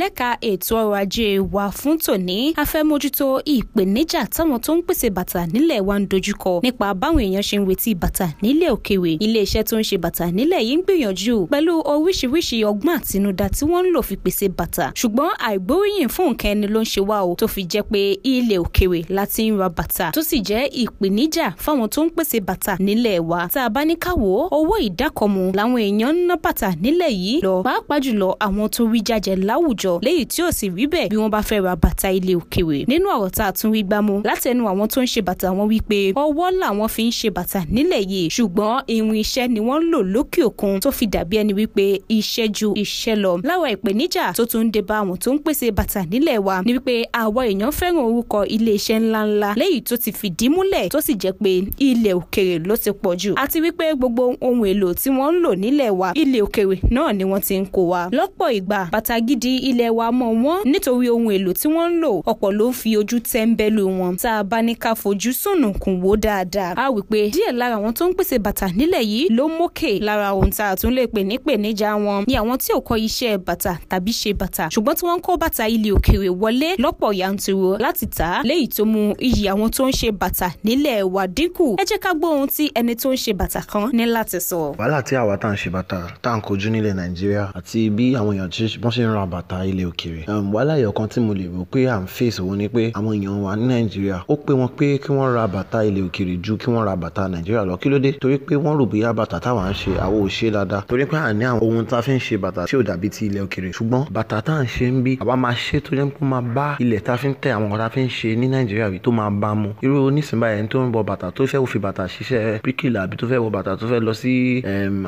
lẹ́ka ètò ọrọ̀ ajé wa fún tòní a fẹ́ mójútó ìpèníjà táwọn tó ń pèsè bàtà nílẹ̀ wa ń dojúkọ nípa báwọn èèyàn ṣe ń retí bàtà nílẹ̀ òkèwè iléeṣẹ́ tó ń ṣe bàtà nílẹ̀ yìí ń gbìyànjú pẹ̀lú oríṣiríṣi ọgbọ́n àtinúdá tí wọ́n ń lò fi pèsè bàtà ṣùgbọ́n àìgbóríyìn fún nǹkan ẹni ló ń ṣe wá o tó fi jẹ́ pé ilẹ̀ òkèwè láti ń ra bàtà tó sì jẹ́ ìpèníjà fáwọn tó ń pèsè bàtà nílẹ̀ wa tá a bá ní káwọ́ owó ìdákọ̀mù làwọn èèyàn ń ná bàtà nílẹ̀ yìí lọ pàápàá jùlọ àwọn tó rí jàjẹ̀ láwùjọ àwùjọ léyìí tí ò sì rí bẹ́ẹ̀ bí wọ́n bá fẹ́ ra bàtà ilé òkèèrè nínú ọ̀rọ̀ tá a tún rí gbámú látẹnu àwọn tó ń ṣe bàtà wọn wípé ọwọ́ làwọn fi ń ṣe bàtà nílẹ̀ yìí ṣùgbọ́n irin iṣẹ́ ni wọ́n ń lò lókè òkun tó fi dàbí ẹni wípé iṣẹ́ ju iṣẹ́ lọ láwọn ìpèníjà tó tún dé bá àwọn tó ń pèsè bàtà nílẹ̀ wa ni wípé àwọn èèyàn fẹ́ràn orúkọ ilé iṣẹ́ ńláńlá léyìí tó ti fìdí múlẹ̀ tó sì jẹ́ pé ilẹ̀ òkèrè ló ti pọ̀ jù àti wípé gbogbo ohun èlò tí wọ́n ń lò nílẹ̀ wa ilẹ̀ òkèrè náà ni wọ́n ti ń kó wa lọ́pọ̀ ìgbà bàtà gidi ilẹ̀ ilẹ̀ wa mọ̀ wọ́n nítorí ohun èlò tí wọ́n ń lò ọ̀pọ̀ ló ń fi ojú tẹ́ńbẹ́lú wọn tá a bá ní ká fojú sùnnùkùn wò dáadáa a wí pé díẹ̀ lára àwọn tó ń pèsè bàtà nílẹ̀ yìí ló mókè lára ohun tá a tún lè pè ní pèníjà wọn ni àwọn tí ò kọ́ iṣẹ́ bàtà tàbí ṣe bàtà ṣùgbọ́n tí wọ́n kó bàtà ilẹ̀ òkèèrè wọlé lọ́pọ̀ yanturu láti tà á léyìí tó mú iyì àwọn tó ń ṣe bàtà nílẹ̀ wa dínkù ẹ jẹ́ ká gbọ́ ohun tí ẹni tó ń ṣe bàtà kan ní láti sọ. wàhálà tí àwa tá à ń ṣe bàtà tá à ń kojú nílẹ̀ nàìjíríà àti bí àwọn èèyàn bọ́n ṣe ń ra bàtà ilẹ̀ òkèèrè. wàhálà ẹ̀yọ̀ kan tí mo lè rò pé à ń fèsì òun ni pé àwọn èèyàn wa ní nàìjíríà ó pé wọn pé kí wọ́n ra bàtà ilẹ̀ òkèèrè ju kí wọ́n ra bàtà nàìjíríà lọ kí ló dé torí pé wọ́n rò bóyá bàtà táwa ń ṣe àwọn ò ṣe dáadáa torí pé àní àwọn ohun tá a fi ń ṣe bàtà ṣé ò dàbí ti ilẹ̀ òkèèrè ṣùgbọ́n bàtà tá à ń ṣe ń bí àwa máa ṣe tó jẹ́ pé máa bá ilẹ̀ tá a fi ń tẹ àwọn ọ̀rá fi ń ṣe ní nàìjíríà rí tó máa bá mu irú onísìnbáyà ẹni tó ń bọ bàtà tó fẹ́ fi bàtà ṣiṣẹ́ píkìlà àbí tó fẹ́ wọ bàtà tó fẹ́ lọ sí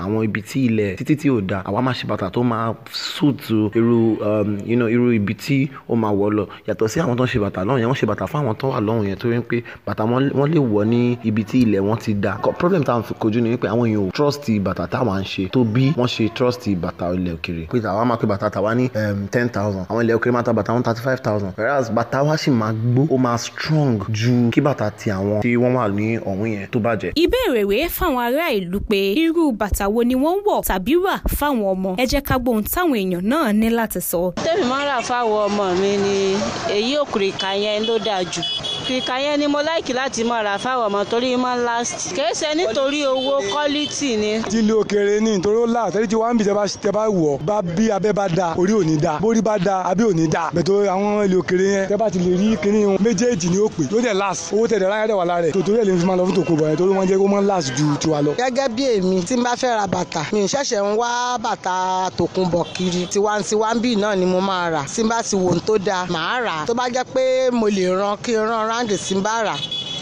àwọn ibi tí ilẹ̀ títí tí ò da àwa máa ṣe bàtà tó máa sùtù irú Um, irú ibi tí ó máa wọ̀ lọ yàtọ̀ sí àwọn tó ń ṣe bàtà lọ́hùn yẹn wọ́n ṣe bàtà fún àwọn tó wà lọ́hùn yẹn torí pé bàtà wọ́n lè wọ̀ ní ibi tí ilẹ̀ wọn ti da problem táwọn fi kojú ni wípé àwọn èèyàn ò trust bàtà táwọn ń ṣe tó bí wọ́n ṣe trust bàtà ilẹ̀ òkèrè pé àwa máa pe bàtà tàwa ní um, ten thousand àwọn ilẹ̀ òkèrè máa ta bàtà wọn thirty five thousand whereas bàtà wa sì máa gbó ó máa strong ju kí bàtà ti àwọn tí wọ́n wà ní ọ̀hún yẹn tó bàjẹ́. ìbéèrè rèé fáwọn ará ìlú pé irú bàtà wo ni wọ́n wọ̀ tàbí rà fáwọn ọmọ ẹ jẹ́ ká gbóhun táwọn èèyàn náà ní láti sọ tèmi máa ń fáwọn ọmọ mi ni èyí òkùrìkà yẹn ló dáa jù kìkà yẹn ni mo láìkì láti máa rà fáwọn ọmọ torí máa last kìí ṣe nítorí owó quality ni. jílé òkèrè ní nítorí ó là tẹ́lẹ̀ tí wàá ń bì tẹ́ bá wọ̀ bá bí abẹ́ bá da orí ò ní da bórí bá da abẹ́ ò ní da bẹ̀tọ̀ àwọn ilé òkèrè yẹn tẹ́ bá ti lè rí kíní wọn méjèèjì ni ó pè yóò dẹ̀ last owó tẹ̀ dára yàtọ̀ wà lára rẹ̀ tòtòrí ẹ̀ lè fi máa lọ fún tòkó bọ̀yẹn torí wọ́n jẹ́ kó máa last ju tiwa lọ. gẹ́gẹ́ bí èmi mi ò ṣẹ̀ṣẹ̀ ń wá bàtà tòkunbọ̀ kiri ni mo máa rà tí n wò tó dáa màá rà tó bá jẹ́ pé mo lè ran kí n ran ráǹdì tí rà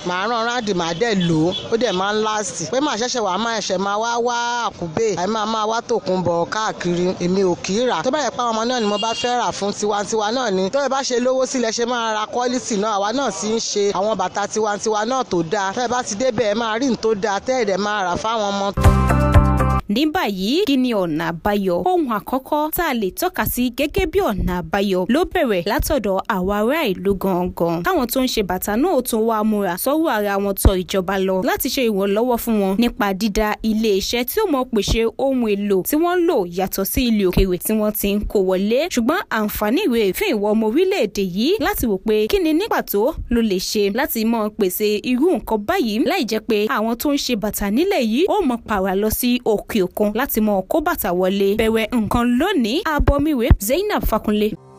màá ràn ráǹdì màá dẹ̀ lò ó ó dẹ̀ máa ń láàsì pé màá ṣẹ̀ṣẹ̀ wàá máa ṣẹ̀ máa wá wá àkùbè àì máa máa wá tòkun bọ̀ káàkiri èmi ò kì í rà tó bá yẹ pé àwọn ọmọ náà ni mo bá fẹ́ rà fún tiwantiwa náà ni tó yẹ bá ṣe lówó sílẹ̀ ṣe máa ra quality náà àwa náà sì ń ṣe àwọn bàtà tiwantiwa náà tó dáa tó yẹ bá ti débẹ̀ ẹ máa rí ní tó dáa tẹ́ ẹ̀dẹ̀ máa rà fáwọn ọmọ ní báyìí kí ni ọ̀nà àbáyọ ohun àkọ́kọ́ tá a lè tọ́ka sí gẹ́gẹ́ bí ọ̀nà àbáyọ ló bẹ̀rẹ̀ látọ̀dọ̀ àwa ará ìlú gangan táwọn tó ń ṣe bàtà náà ó tún wá múra sọ́wọ́ ara wọn tọ ìjọba lọ láti ṣe ìrànlọ́wọ́ fún wọn nípa dídá ilé-iṣẹ́ tí ó mọ pèsè ohun èlò tí wọ́n lò yàtọ̀ sí ilé òkèèrè tí wọ́n ti ń kó wọlé ṣùgbọ́n àǹfààní ìwé òkun láti mọ kó bàtà wọlé bẹ̀wẹ̀ nǹkan lónìí àbọ̀míwé Zainab Fakunle.